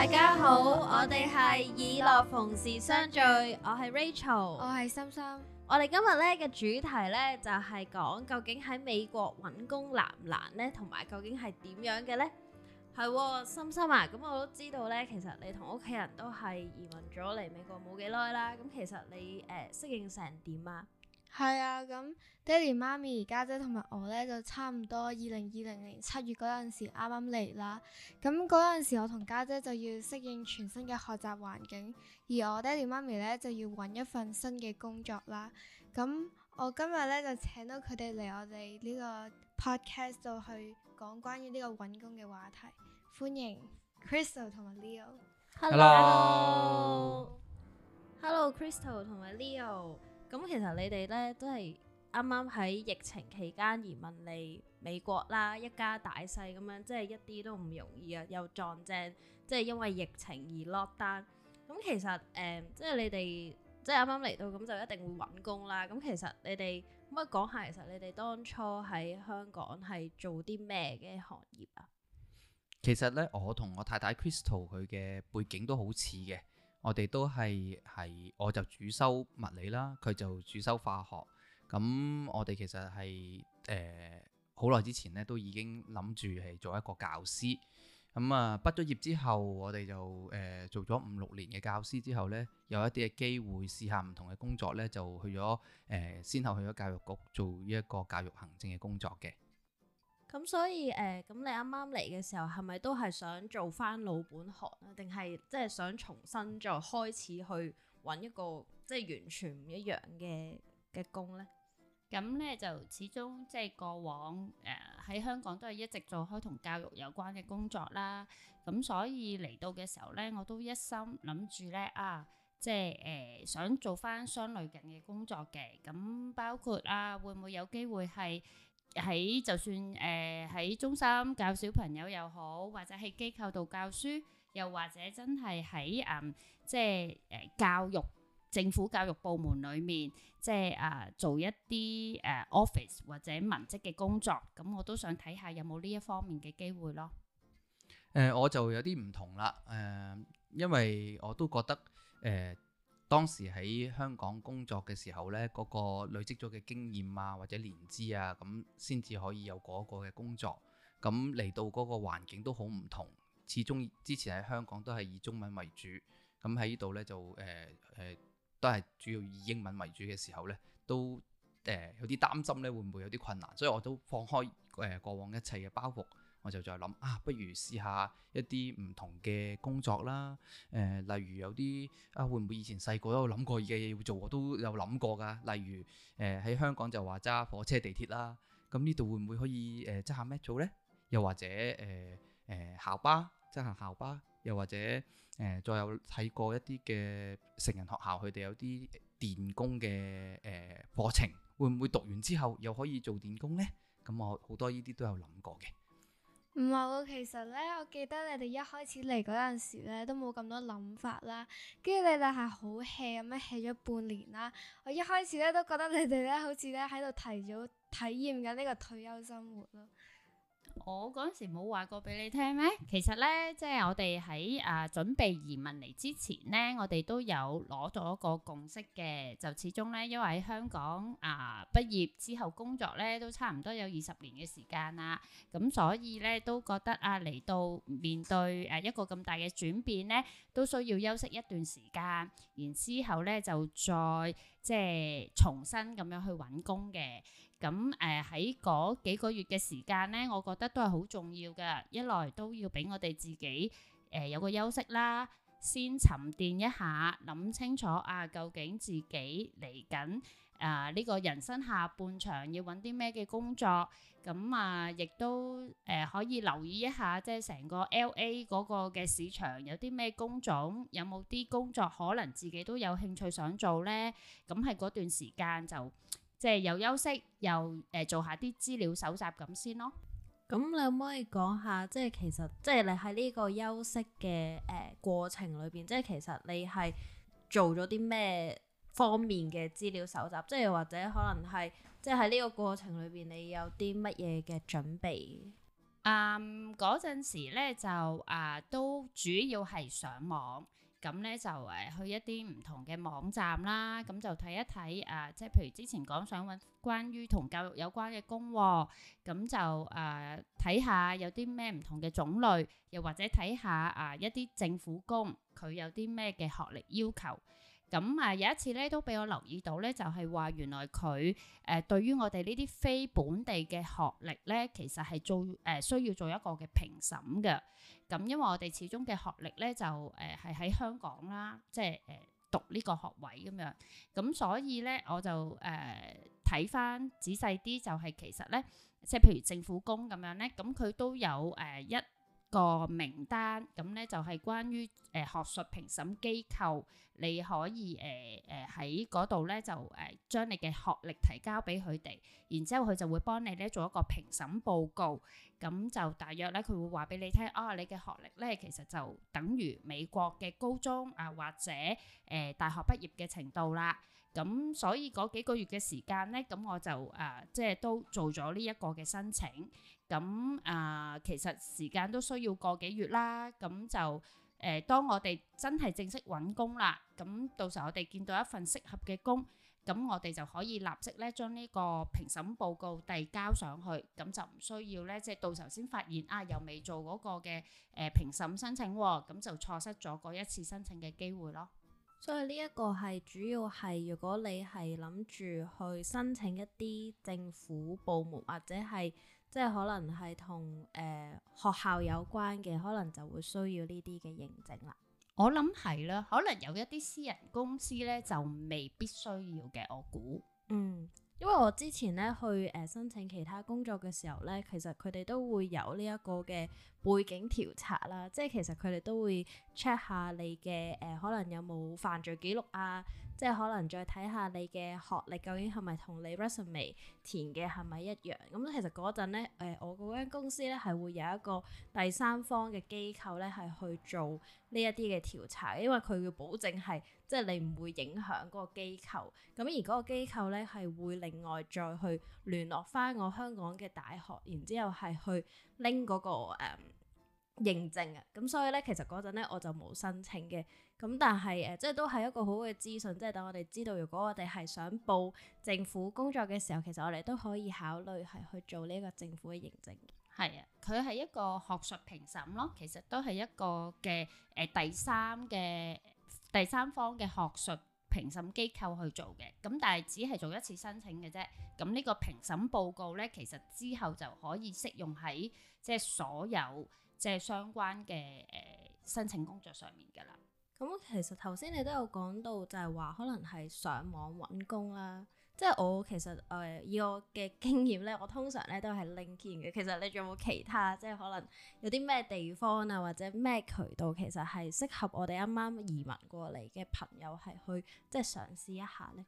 大家好，我哋係以樂逢時相聚，我係 Rachel，我係心心，我哋今日咧嘅主題咧就係講究竟喺美國揾工難唔難呢，同埋究竟係點樣嘅呢？係喎，心心啊，咁我都知道呢，其實你同屋企人都係移民咗嚟美國冇幾耐啦，咁其實你誒適應成點啊？係啊，咁、嗯、爹哋媽咪、家姐同埋我呢，就差唔多二零二零年七月嗰陣時啱啱嚟啦。咁嗰陣時我同家姐，姐就要適應全新嘅學習環境，而我爹哋媽咪呢，就要揾一份新嘅工作啦。咁、嗯、我今日呢，就請到佢哋嚟我哋呢個 podcast 度去講關於呢個揾工嘅話題。歡迎 Crystal 同埋 Leo。Hello，hello，hello，Crystal 同埋 Leo。咁、嗯、其實你哋咧都係啱啱喺疫情期間移民嚟美國啦，一家大細咁樣，即係一啲都唔容易啊，又撞正，即係因為疫情而落單。咁、嗯、其實誒、嗯，即係你哋即係啱啱嚟到，咁就一定會搵工啦。咁其實你哋可唔可以講下，其實你哋、嗯、當初喺香港係做啲咩嘅行業啊？其實咧，我同我太太 Crystal 佢嘅背景都好似嘅。我哋都係係，我就主修物理啦，佢就主修化學。咁我哋其實係誒好耐之前咧，都已經諗住係做一個教師。咁、嗯、啊，畢咗業之後，我哋就誒、呃、做咗五六年嘅教師之後咧，有一啲嘅機會試下唔同嘅工作咧，就去咗誒、呃，先後去咗教育局做呢一個教育行政嘅工作嘅。咁所以誒，咁、呃、你啱啱嚟嘅時候係咪都係想做翻老本行啊？定係即係想重新再開始去搵一個即係、就是、完全唔一樣嘅嘅工呢？咁咧就始終即係過往誒喺、呃、香港都係一直做開同教育有關嘅工作啦。咁所以嚟到嘅時候咧，我都一心諗住咧啊，即係誒、呃、想做翻相類近嘅工作嘅。咁包括啊，會唔會有機會係？喺就算誒喺、呃、中心教小朋友又好，或者喺機構度教書，又或者真係喺誒即係誒教育政府教育部門裏面，即係啊、呃、做一啲誒、呃、office 或者文職嘅工作，咁我都想睇下有冇呢一方面嘅機會咯。誒、呃、我就有啲唔同啦，誒、呃、因為我都覺得誒，呃當時喺香港工作嘅時候呢，嗰個累積咗嘅經驗啊，或者年資啊，咁先至可以有嗰個嘅工作。咁嚟到嗰個環境都好唔同，始終之前喺香港都係以中文為主，咁喺呢度呢，就誒誒、呃呃、都係主要以英文為主嘅時候呢，都誒有啲擔心呢，會唔會有啲困難？所以我都放開誒過往一切嘅包袱。我就再諗啊，不如試下一啲唔同嘅工作啦。誒、呃，例如有啲啊，會唔會以前細個都有諗過嘅嘢要做，我都有諗過㗎。例如誒喺、呃、香港就話揸火車地鐵啦，咁呢度會唔會可以誒揸下咩做咧？又或者誒誒、呃、校巴，揸下校巴，又或者誒、呃、再有睇過一啲嘅成人學校，佢哋有啲電工嘅誒、呃、課程，會唔會讀完之後又可以做電工咧？咁我好多呢啲都有諗過嘅。唔係喎，其實呢，我記得你哋一開始嚟嗰陣時呢，都冇咁多諗法啦。跟住你哋係好 hea，咁樣 hea 咗半年啦。我一開始呢，都覺得你哋呢，好似呢，喺度提早體驗緊呢個退休生活咯。我嗰陣時冇話過俾你聽咩？其實呢，即係我哋喺誒準備移民嚟之前呢，我哋都有攞咗個共識嘅。就始終呢，因為喺香港啊畢業之後工作呢，都差唔多有二十年嘅時間啦，咁所以呢，都覺得啊嚟到面對誒一個咁大嘅轉變呢，都需要休息一段時間，然之後呢，就再。即係重新咁樣去揾工嘅，咁誒喺嗰幾個月嘅時間呢，我覺得都係好重要嘅，一來都要俾我哋自己誒、呃、有個休息啦，先沉澱一下，諗清楚啊，究竟自己嚟緊。啊！呢、這個人生下半場要揾啲咩嘅工作咁、嗯、啊，亦都誒可以留意一下，即係成個 LA 嗰個嘅市場有啲咩工種，有冇啲工作可能自己都有興趣想做呢？咁係嗰段時間就即係、就是、又休息又誒、呃、做一下啲資料搜集咁先咯。咁你可唔可以講下，即、就、係、是、其實即係、就是、你喺呢個休息嘅誒、呃、過程裏邊，即、就、係、是、其實你係做咗啲咩？方面嘅資料搜集，即係或者可能係，即係喺呢個過程裏邊，你有啲乜嘢嘅準備？誒、嗯，嗰陣時咧就誒、啊、都主要係上網，咁咧就誒、啊、去一啲唔同嘅網站啦，咁就睇一睇誒，即、啊、係譬如之前講想揾關於同教育有關嘅工喎，咁就誒睇下有啲咩唔同嘅種類，又或者睇下誒一啲政府工佢有啲咩嘅學歷要求。咁誒、嗯、有一次咧都俾我留意到咧，就係、是、話原來佢誒、呃、對於我哋呢啲非本地嘅學歷咧，其實係做誒、呃、需要做一個嘅評審嘅。咁、嗯、因為我哋始終嘅學歷咧就誒係喺香港啦，即係誒讀呢個學位咁樣。咁、嗯、所以咧我就誒睇翻仔細啲，就係、是、其實咧，即係譬如政府工咁樣咧，咁、嗯、佢都有誒一個名單咁咧就係關於誒、呃、學術評審機構，你可以誒誒喺嗰度咧就誒、呃、將你嘅學歷提交俾佢哋，然之後佢就會幫你咧做一個評審報告，咁就大約咧佢會話俾你聽啊，你嘅學歷咧其實就等於美國嘅高中啊或者誒、呃、大學畢業嘅程度啦。咁所以嗰幾個月嘅時間咧，咁我就誒、呃、即係都做咗呢一個嘅申請。咁誒、呃、其實時間都需要個幾月啦。咁就誒、呃、當我哋真係正式揾工啦，咁到時候我哋見到一份適合嘅工，咁我哋就可以立即咧將呢個評審報告遞交上去。咁就唔需要咧，即係到時候先發現啊，又未做嗰個嘅誒、呃、評審申請喎、哦，咁就錯失咗嗰一次申請嘅機會咯。所以呢一個係主要係，如果你係諗住去申請一啲政府部門或者係即係可能係同誒學校有關嘅，可能就會需要呢啲嘅認證啦。我諗係啦，可能有一啲私人公司呢，就未必需要嘅，我估。嗯。因為我之前咧去誒、呃、申請其他工作嘅時候咧，其實佢哋都會有呢一個嘅背景調查啦，即係其實佢哋都會 check 下你嘅誒、呃、可能有冇犯罪記錄啊。即係可能再睇下你嘅學歷究竟係咪同你 resume 填嘅係咪一樣咁、嗯，其實嗰陣咧，誒、呃、我嗰間公司咧係會有一個第三方嘅機構咧係去做呢一啲嘅調查，因為佢要保證係即係你唔會影響嗰個機構。咁、嗯、而嗰個機構咧係會另外再去聯絡返我香港嘅大學，然之後係去拎嗰、嗰個誒、嗯、認證啊。咁、嗯、所以咧，其實嗰陣咧我就冇申請嘅。咁但係誒、呃，即係都係一個好嘅資訊，即係等我哋知道，如果我哋係想報政府工作嘅時候，其實我哋都可以考慮係去做呢個政府嘅認證。係啊，佢係一個學術評審咯，其實都係一個嘅誒、呃、第三嘅第三方嘅學術評審機構去做嘅。咁但係只係做一次申請嘅啫。咁呢個評審報告咧，其實之後就可以適用喺即係所有即係相關嘅誒、呃、申請工作上面㗎喇。咁、嗯、其實頭先你都有講到就，就係話可能係上網揾工啦。即係我其實誒、呃、以我嘅經驗咧，我通常咧都係 LinkedIn 嘅。其實你仲有冇其他即係、就是、可能有啲咩地方啊，或者咩渠道其實係適合我哋啱啱移民過嚟嘅朋友係去即係、就是、嘗試一下咧？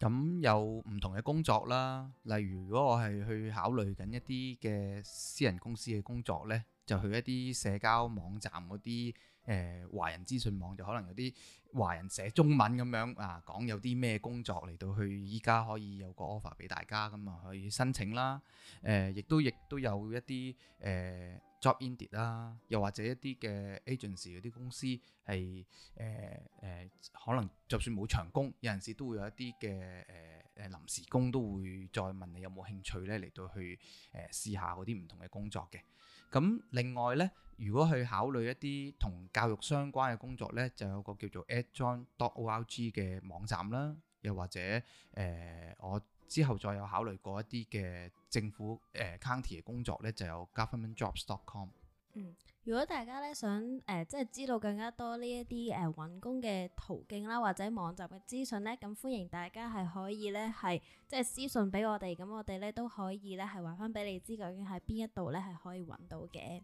咁、嗯、有唔同嘅工作啦，例如如果我係去考慮緊一啲嘅私人公司嘅工作咧，就去一啲社交網站嗰啲。誒、呃、華人資訊網就可能有啲華人寫中文咁樣啊，講有啲咩工作嚟到去依家可以有個 offer 俾大家咁啊，可以申請啦。誒、呃，亦都亦都有一啲誒、呃、job Indeed 啦，又或者一啲嘅 agency 嗰啲公司係誒誒，可能就算冇長工，有陣時都會有一啲嘅誒誒臨時工都會再問你有冇興趣咧嚟到去誒、呃、試下嗰啲唔同嘅工作嘅。咁另外呢，如果去考慮一啲同教育相關嘅工作呢，就有個叫做 adjoin.org 嘅網站啦，又或者誒、呃，我之後再有考慮過一啲嘅政府誒、呃、county 嘅工作呢，就有 governmentjobs.com。嗯，如果大家咧想誒、呃，即係知道更加多呢一啲誒揾工嘅途徑啦，或者網站嘅資訊咧，咁歡迎大家係可以咧係即係私信俾我哋，咁我哋咧都可以咧係話翻俾你知究竟喺邊一度咧係可以揾到嘅。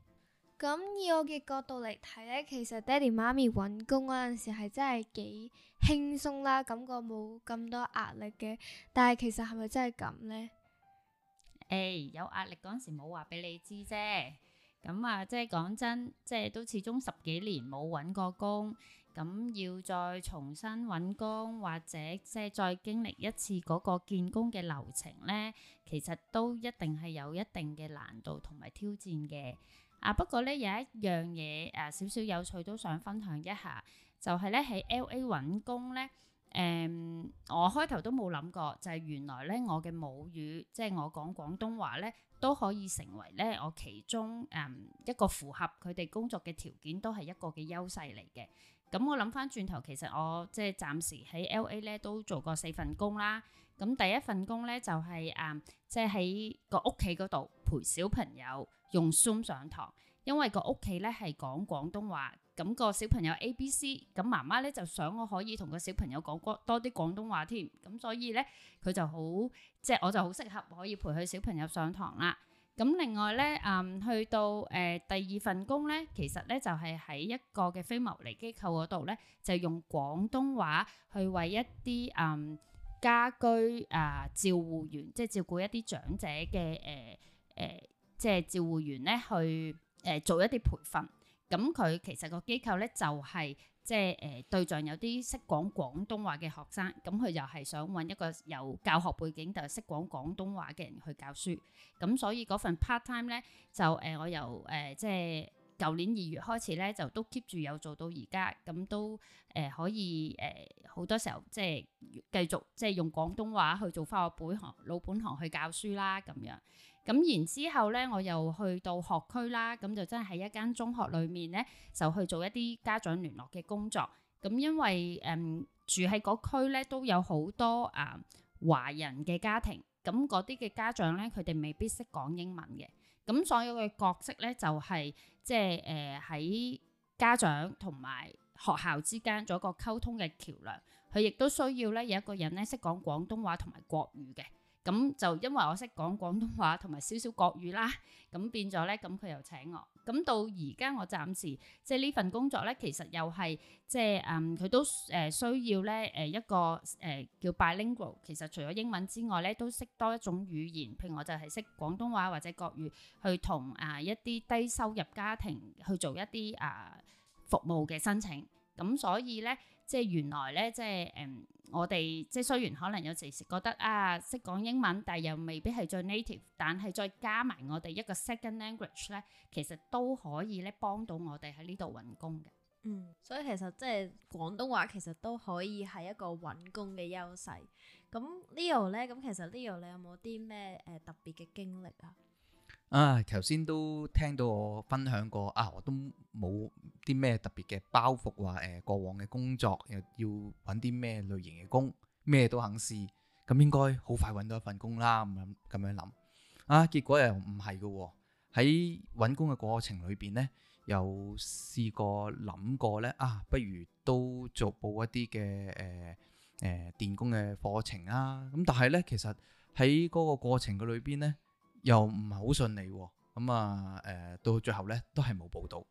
咁、嗯、以我嘅角度嚟睇咧，其實爹哋媽咪揾工嗰陣時係真係幾輕鬆啦，感覺冇咁多壓力嘅。但係其實係咪真係咁咧？誒、欸，有壓力嗰陣時冇話俾你知啫。咁啊，即係講真，即係都始終十幾年冇揾過工，咁要再重新揾工，或者即係再經歷一次嗰個見工嘅流程呢，其實都一定係有一定嘅難度同埋挑戰嘅。啊，不過呢，有一樣嘢誒、啊，少少有趣都想分享一下，就係、是、呢：喺 L.A 揾工呢，誒、嗯，我開頭都冇諗過，就係、是、原來呢，我嘅母語，即係我講廣東話呢，都可以成為咧，我其中誒、嗯、一個符合佢哋工作嘅條件，都係一個嘅優勢嚟嘅。咁、嗯、我諗翻轉頭，其實我即係暫時喺 LA 咧都做過四份工啦。咁、嗯、第一份工咧就係、是、誒、嗯，即係喺個屋企嗰度陪小朋友用 Zoom 上堂。因為個屋企咧係講廣東話，咁、那個小朋友 A、B、C，咁媽媽咧就想我可以同個小朋友講多啲廣東話添，咁所以咧佢就好，即係我就好適合可以陪佢小朋友上堂啦。咁另外咧，嗯，去到誒、呃、第二份工咧，其實咧就係、是、喺一個嘅非牟利機構嗰度咧，就用廣東話去為一啲嗯家居啊、呃、照顧員、呃，即係照顧一啲長者嘅誒誒，即係照顧員咧去，誒、呃、做一啲培訓，咁、嗯、佢其實個機構咧就係、是、即係誒、呃、對象有啲識講廣東話嘅學生，咁佢又係想搵一個有教學背景但係識講廣東話嘅人去教書，咁、嗯、所以嗰份 part time 咧就誒、呃、我由誒、呃、即係。舊年二月開始咧，就都 keep 住有做到而家，咁都誒、呃、可以誒好、呃、多時候即係繼續即係用廣東話去做翻我本行老本行去教書啦咁樣。咁然之後咧，我又去到學區啦，咁就真係喺一間中學裏面咧，就去做一啲家長聯絡嘅工作。咁因為誒、呃、住喺嗰區咧，都有好多啊、呃、華人嘅家庭，咁嗰啲嘅家長咧，佢哋未必識講英文嘅。咁所有嘅角色咧，就係、是、即係誒喺家長同埋學校之間做一個溝通嘅橋梁。佢亦都需要咧，有一個人咧識講廣東話同埋國語嘅。咁就因為我識講廣東話同埋少少國語啦，咁變咗咧咁佢又請我。咁到而家我暫時即係呢份工作咧，其實又係即係嗯，佢都誒、呃、需要咧誒一個誒、呃、叫 Bilingual，其實除咗英文之外咧，都識多一種語言，譬如我就係識廣東話或者國語，去同啊一啲低收入家庭去做一啲啊服務嘅申請。咁、嗯、所以咧，即係原來咧，即係誒。嗯我哋即係雖然可能有時覺得啊識講英文，但係又未必係最 native，但係再加埋我哋一個 second language 咧，其實都可以咧幫到我哋喺呢度揾工嘅。嗯，所以其實即係廣東話其實都可以係一個揾工嘅優勢。咁 Leo 咧，咁其實 Leo 你有冇啲咩誒特別嘅經歷啊？啊！頭先都聽到我分享過，啊，我都冇啲咩特別嘅包袱，話誒過往嘅工作又要揾啲咩類型嘅工，咩都肯試，咁應該好快揾到一份工啦，咁樣咁樣諗。啊，結果又唔係嘅喎，喺揾工嘅過程裏邊呢，有試過諗過呢：「啊，不如都做報一啲嘅誒誒電工嘅課程啊。」咁但係呢，其實喺嗰個過程嘅裏邊呢。又唔係好順利喎，咁啊誒到最後咧都係冇報到，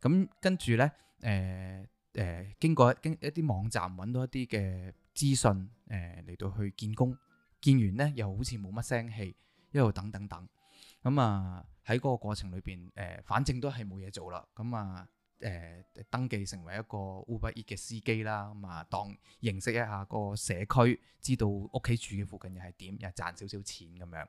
咁跟住咧誒誒經過經一啲網站揾到一啲嘅資訊，誒、呃、嚟到去見工，見完咧又好似冇乜聲氣，一路等等等等，咁啊喺嗰個過程裏邊誒，反正都係冇嘢做啦，咁、嗯、啊。誒、呃、登記成為一個 Uber Eat 嘅司機啦，咁、嗯、啊當認識一下個社區，知道屋企住嘅附近又係點，又賺少少錢咁樣。咁、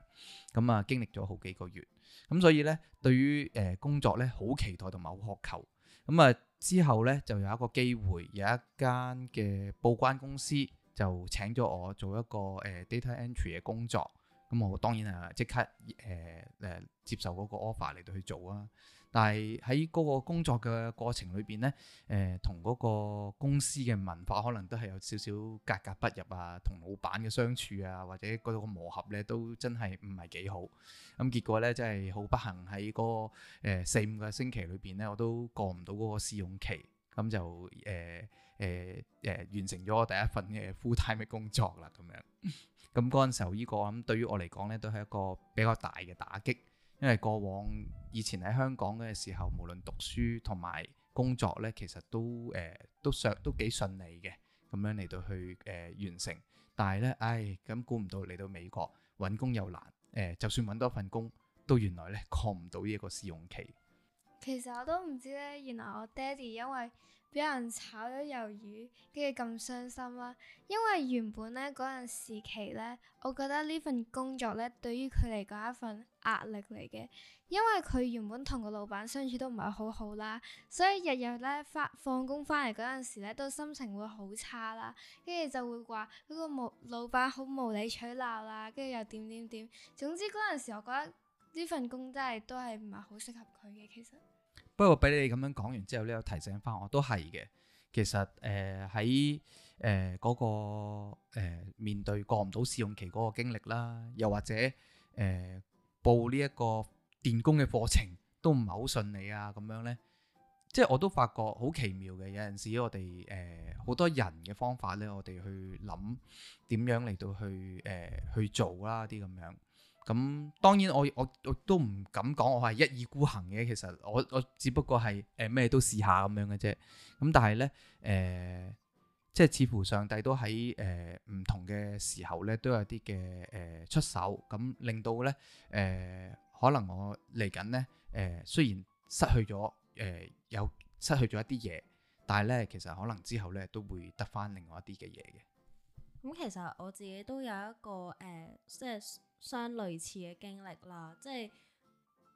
嗯、啊經歷咗好幾個月，咁、嗯、所以呢，對於誒、呃、工作呢，好期待同埋好渴求。咁、嗯、啊、嗯、之後呢，就有一個機會，有一間嘅報關公司就請咗我做一個誒、呃、data entry 嘅工作。咁、嗯、我當然係即刻誒誒、呃、接受嗰個 offer 嚟到去做啊。但係喺嗰個工作嘅過程裏邊呢，誒同嗰個公司嘅文化可能都係有少少格格不入啊，同老闆嘅相處啊，或者嗰個磨合呢，都真係唔係幾好。咁、嗯、結果呢，真係好不幸喺嗰誒四五個星期裏邊呢，我都過唔到嗰個試用期，咁、嗯、就誒誒誒完成咗我第一份嘅 full time 嘅工作啦咁樣。咁嗰陣時候呢、呢個咁對於我嚟講呢，都係一個比較大嘅打擊。因為過往以前喺香港嘅時候，無論讀書同埋工作咧，其實都誒、呃、都上都幾順利嘅，咁樣嚟到去誒、呃、完成。但係咧，唉，咁估唔到嚟到美國揾工又難，誒、呃、就算揾到份工，都原來咧過唔到依個試用期。其實我都唔知咧，原來我爹哋因為。俾人炒咗魷魚，跟住咁傷心啦。因為原本呢嗰陣時期呢，我覺得呢份工作呢對於佢嚟講係一份壓力嚟嘅。因為佢原本同個老闆相處都唔係好好啦，所以日日呢返放工翻嚟嗰陣時呢，都心情會好差啦。跟住就會話嗰個老闆好無理取鬧啦，跟住又點點點。總之嗰陣時，我覺得呢份工真係都係唔係好適合佢嘅，其實。不過俾你哋咁樣講完之後咧，又、這個、提醒翻我都係嘅。其實誒喺誒嗰個、呃、面對過唔到試用期嗰個經歷啦，又或者誒、呃、報呢一個電工嘅課程都唔係好順利啊咁樣咧，即係我都發覺好奇妙嘅。有陣時我哋誒好多人嘅方法咧，我哋去諗點樣嚟到去誒、呃、去做啦啲咁樣。咁、嗯、當然我，我我都唔敢講，我係一意孤行嘅。其實我我只不過係誒咩都試下咁樣嘅啫。咁但係呢，誒、呃，即係似乎上帝都喺誒唔同嘅時候呢都有啲嘅誒出手，咁令到呢，誒、呃、可能我嚟緊呢，誒、呃、雖然失去咗誒、呃、有失去咗一啲嘢，但係呢，其實可能之後呢都會得返另外一啲嘅嘢嘅。咁其實我自己都有一個誒即係。呃就是相類似嘅經歷啦，即係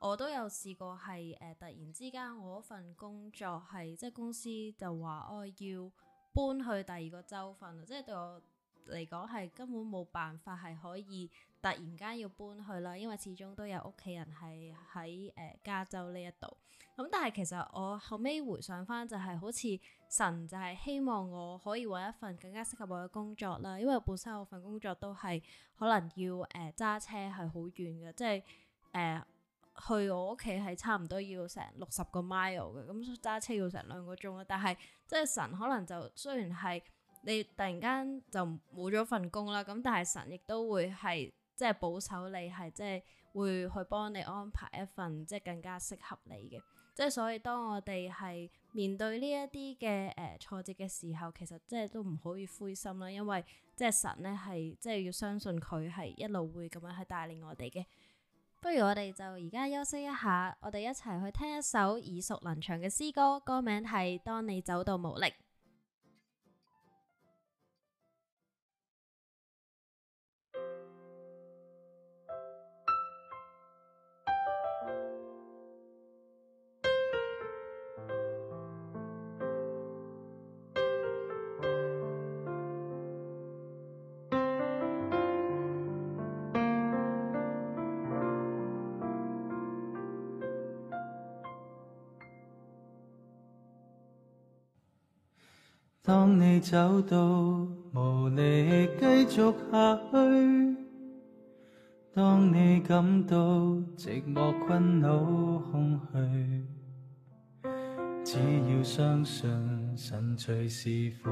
我都有試過係誒、呃，突然之間我份工作係即係公司就話我要搬去第二個州份，即係對我。嚟講係根本冇辦法係可以突然間要搬去啦，因為始終都有屋企人係喺誒加州呢一度。咁、嗯、但係其實我後尾回想翻就係好似神就係希望我可以揾一份更加適合我嘅工作啦，因為本身我份工作都係可能要誒揸車係好遠嘅，即係誒、呃、去我屋企係差唔多要成六十個 mile 嘅，咁揸車要成兩個鐘啦。但係即係神可能就雖然係。你突然間就冇咗份工啦，咁但係神亦都會係即係保守你，係即係會去幫你安排一份即係更加適合你嘅。即係所以當我哋係面對呢一啲嘅誒挫折嘅時候，其實即係都唔可以灰心啦，因為即係神呢係即係要相信佢係一路會咁樣去帶領我哋嘅。不如我哋就而家休息一下，我哋一齊去聽一首耳熟能詳嘅詩歌，歌名係《當你走到無力》。當你走到無力繼續下去，當你感到寂寞、困惱、空虛，只要相信神隨時扶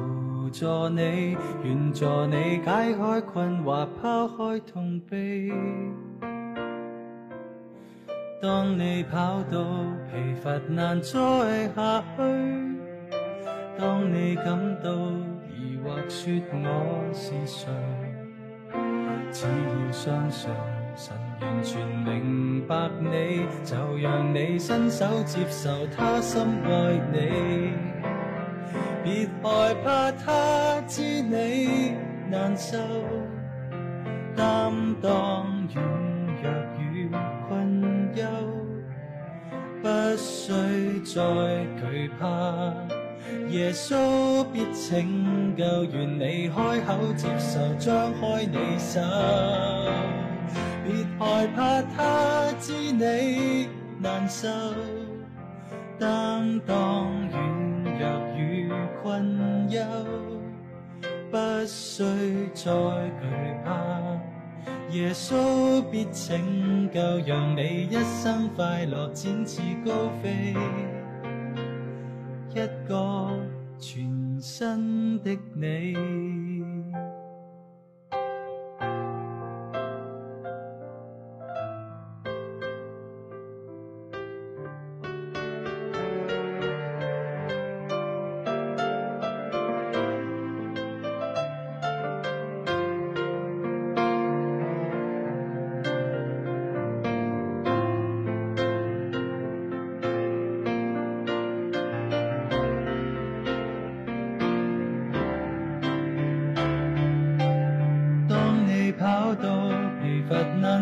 助你，願助你解開困惑、拋開痛悲。當你跑到疲乏難再下去。當你感到疑惑，説我是誰，只要相信神完全明白你，就讓你伸手接受他深愛你。別害怕他知你難受，擔當軟弱與困憂，不需再懼怕。耶穌必拯救，願你開口接受，張開你手，別害怕他知你難受，擔當軟弱與困憂，不需再懼怕。耶穌必拯救，讓你一生快樂，展翅高飛。一個全新的你。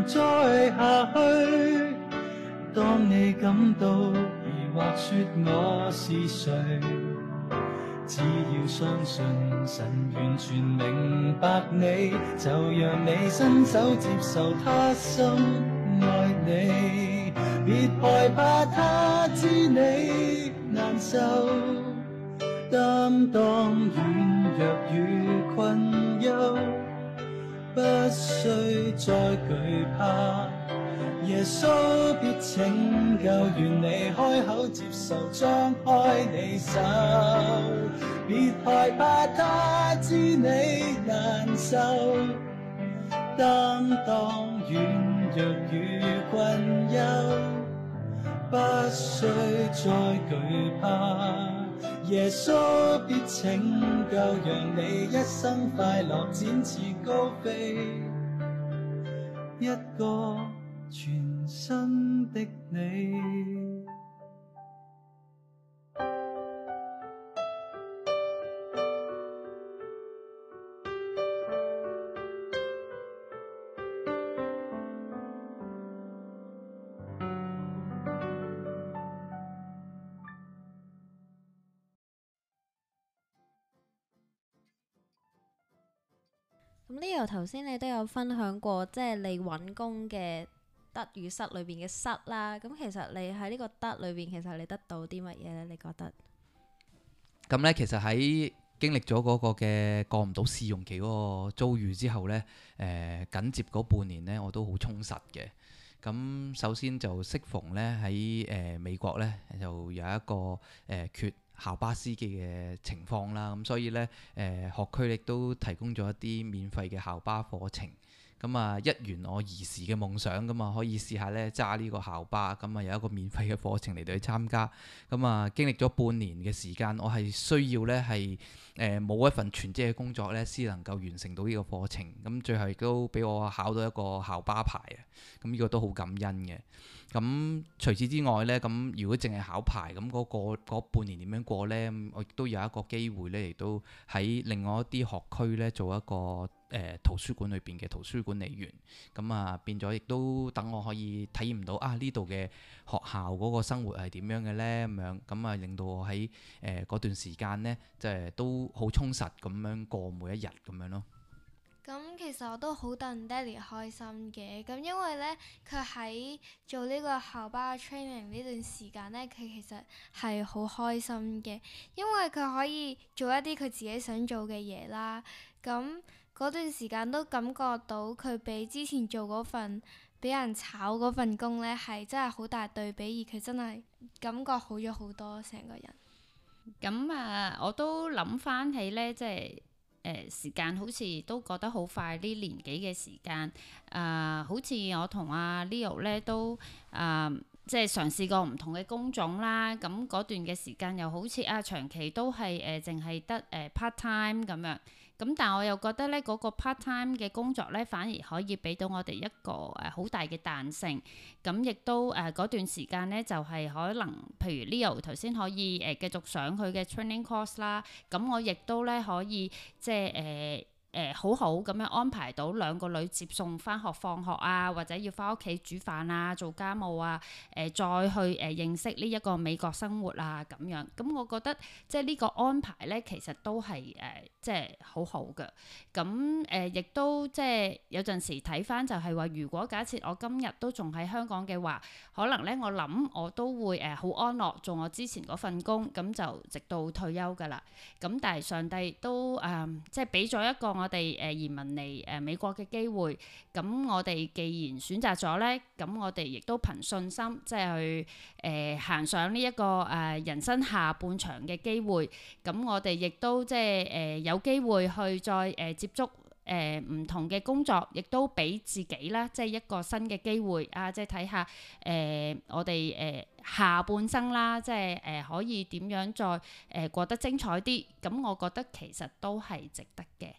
再下去，當你感到疑惑，説我是誰，只要相信神完全明白你，就讓你伸手接受他心愛你，別害怕他知你難受，擔當軟弱與困憂。不需再懼怕，耶穌必拯救，願你開口接受，張開你手，別害怕，他知你難受，擔當軟弱與困憂，不需再懼怕。耶穌必拯救，讓你一生快樂展翅高飛，一個全新的你。由頭先你都有分享過，即係你揾工嘅得與失裏邊嘅失啦。咁其實你喺呢個得裏邊，其實你得到啲乜嘢呢？你覺得？咁呢，其實喺經歷咗嗰個嘅過唔到試用期嗰個遭遇之後呢，誒緊接嗰半年呢，我都好充實嘅。咁首先就適逢呢，喺誒美國呢，就有一個誒缺校巴司機嘅情況啦，咁所以呢，誒、呃、學區亦都提供咗一啲免費嘅校巴課程。咁、嗯、啊，一圓我兒時嘅夢想咁啊、嗯，可以試下呢揸呢個校巴，咁、嗯、啊有一個免費嘅課程嚟到去參加。咁、嗯、啊經歷咗半年嘅時間，我係需要呢，係誒冇一份全職嘅工作呢，先能夠完成到呢個課程。咁、嗯、最後亦都俾我考到一個校巴牌啊！咁、嗯、呢、呢個都好感恩嘅。咁除、嗯、此之外呢，咁如果淨係考牌，咁、那、嗰個半年點樣過呢？我亦都有一個機會呢，亦都喺另外一啲學區呢，做一個誒、呃、圖書館裏邊嘅圖書管理員。咁、嗯、啊，變咗亦都等我可以體驗到啊呢度嘅學校嗰個生活係點樣嘅呢？咁樣咁啊，令到我喺誒嗰段時間呢，即係都好充實咁樣過每一日咁樣咯。咁其實我都好戥爹哋開心嘅，咁因為呢，佢喺做呢個校巴 training 呢段時間呢，佢其實係好開心嘅，因為佢可以做一啲佢自己想做嘅嘢啦。咁嗰段時間都感覺到佢比之前做嗰份俾人炒嗰份工呢，係真係好大對比，而佢真係感覺好咗好多成個人。咁啊，我都諗返起呢，即係。誒、呃、時間好似都覺得好快，呢年幾嘅時間，啊、呃，好似我同阿、啊、Leo 咧都啊、呃，即係嘗試過唔同嘅工種啦。咁、嗯、嗰段嘅時間又好似啊，長期都係誒，淨、呃、係得誒、呃、part time 咁樣。咁但係我又覺得咧，嗰、那個 part time 嘅工作咧，反而可以俾到我哋一個誒好、呃、大嘅彈性。咁、嗯、亦都誒嗰、呃、段時間咧，就係、是、可能譬如 Leo 頭先可以誒繼、呃、續上佢嘅 training course 啦。咁、嗯、我亦都咧可以即係誒。呃誒、呃、好好咁樣安排到兩個女接送返學放學啊，或者要返屋企煮飯啊、做家務啊，誒、呃、再去誒、呃、認識呢一個美國生活啊咁樣。咁、嗯、我覺得即係呢個安排咧，其實都係誒、呃嗯呃、即係好好嘅。咁誒亦都即係有陣時睇返就係話，如果假設我今日都仲喺香港嘅話，可能咧我諗我都會誒好、呃、安樂，做我之前嗰份工，咁就直到退休㗎啦。咁、嗯、但係上帝都誒、呃、即係俾咗一個我。我哋誒移民嚟誒美國嘅機會，咁我哋既然選擇咗咧，咁我哋亦都憑信心，即係去誒、呃、行上呢、這、一個誒、呃、人生下半場嘅機會。咁我哋亦都即係誒、呃、有機會去再誒、呃、接觸誒、呃、唔同嘅工作，亦都俾自己啦，即係一個新嘅機會啊！即係睇下誒我哋誒、呃、下半生啦，即係誒、呃、可以點樣再誒、呃、過得精彩啲。咁我覺得其實都係值得嘅。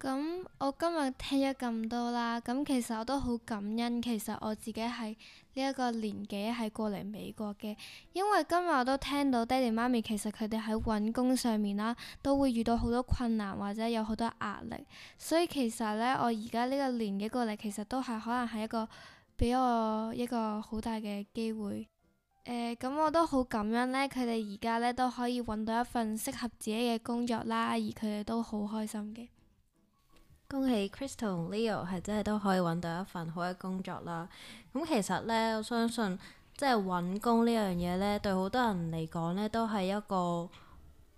咁、嗯、我今日聽咗咁多啦，咁、嗯、其實我都好感恩。其實我自己喺呢一個年紀係過嚟美國嘅，因為今日我都聽到爹哋媽咪其實佢哋喺揾工上面啦，都會遇到好多困難或者有好多壓力。所以其實呢，我而家呢個年紀過嚟其實都係可能係一個俾我一個好大嘅機會。誒、呃，咁、嗯、我都好感恩呢，佢哋而家呢都可以揾到一份適合自己嘅工作啦，而佢哋都好開心嘅。恭喜 Crystal 同 Leo 係真係都可以揾到一份好嘅工作啦！咁其實呢，我相信即係揾工呢樣嘢呢，對好多人嚟講呢，都係一個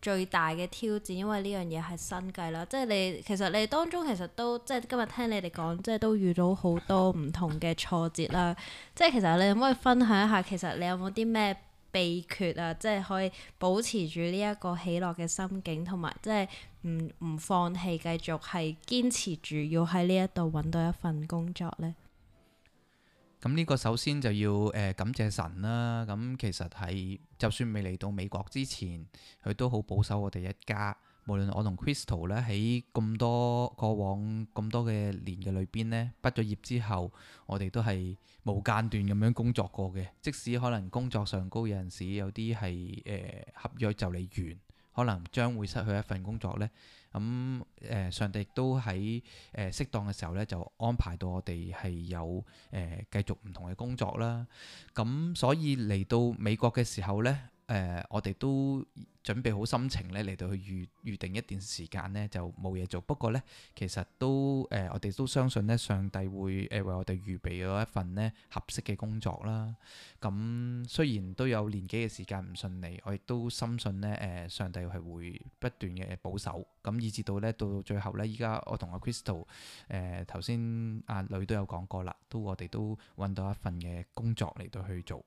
最大嘅挑戰，因為呢樣嘢係生計啦。即係你其實你當中其實都即係今日聽你哋講，即係都遇到好多唔同嘅挫折啦。即係其實你可唔可以分享一下，其實你有冇啲咩？秘訣啊，即係可以保持住呢一個喜樂嘅心境，同埋即係唔唔放棄繼續，係堅持住要喺呢一度揾到一份工作咧。咁呢、嗯這個首先就要誒、呃、感謝神啦。咁、嗯、其實係，就算未嚟到美國之前，佢都好保守我哋一家。無論我同 Crystal 咧，喺咁多過往咁多嘅年嘅裏邊呢，畢咗業之後，我哋都係無間斷咁樣工作過嘅。即使可能工作上高有陣時有啲係誒合約就嚟完，可能將會失去一份工作呢。咁誒，上帝都喺誒適當嘅時候呢，就安排到我哋係有誒繼續唔同嘅工作啦。咁所以嚟到美國嘅時候呢，誒我哋都。準備好心情咧，嚟到去預預定一段時間咧就冇嘢做。不過咧，其實都誒、呃、我哋都相信咧，上帝會誒、呃、為我哋預備咗一份咧合適嘅工作啦。咁、嗯、雖然都有年幾嘅時間唔順利，我亦都深信咧誒、呃、上帝係會不斷嘅保守。咁、嗯、以至到咧到最後咧，依家我同阿 Crystal 誒、呃、頭先阿、啊、女都有講過啦，都我哋都揾到一份嘅工作嚟到去做。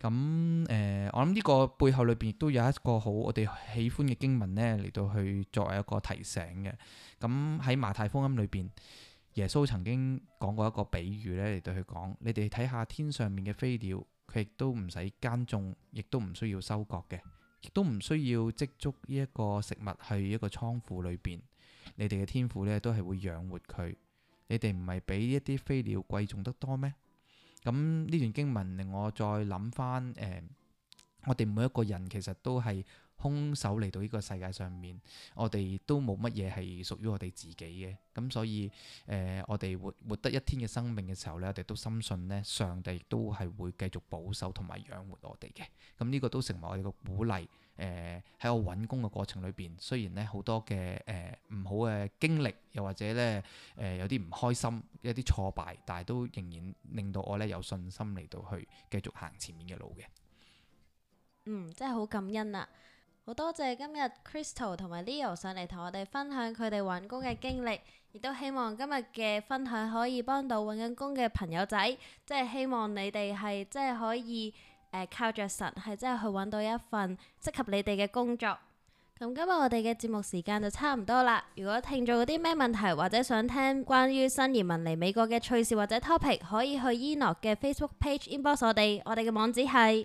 咁、嗯、誒、呃、我諗呢個背後裏邊亦都有一個好。我哋喜歡嘅經文呢，嚟到去作為一個提醒嘅。咁喺馬太福音裏邊，耶穌曾經講過一個比喻呢，嚟到去講，你哋睇下天上面嘅飛鳥，佢亦都唔使耕種，亦都唔需要收割嘅，亦都唔需要積蓄一個食物去一個倉庫裏邊。你哋嘅天父呢，都係會養活佢，你哋唔係比一啲飛鳥貴重得多咩？咁呢段經文令我再諗翻，誒、呃，我哋每一個人其實都係。空手嚟到呢個世界上面，我哋都冇乜嘢係屬於我哋自己嘅，咁所以誒、呃，我哋活活得一天嘅生命嘅時候咧，我哋都深信呢，上帝都係會繼續保守同埋養活我哋嘅。咁呢個都成為我哋個鼓勵。誒、呃，喺我揾工嘅過程裏邊，雖然呢多、呃、好多嘅誒唔好嘅經歷，又或者呢誒、呃、有啲唔開心、一啲挫敗，但係都仍然令到我呢有信心嚟到去繼續行前面嘅路嘅。嗯，真係好感恩啊！好多謝今日 Crystal 同埋 Leo 上嚟同我哋分享佢哋揾工嘅經歷，亦都希望今日嘅分享可以幫到揾緊工嘅朋友仔，即係希望你哋係即係可以誒、呃、靠着神係即係去揾到一份適合你哋嘅工作。咁今日我哋嘅節目時間就差唔多啦。如果聽眾有啲咩問題或者想聽關於新移民嚟美國嘅趣事或者 topic，可以去伊、e、諾嘅 Facebook page inbox 我哋，我哋嘅網址係。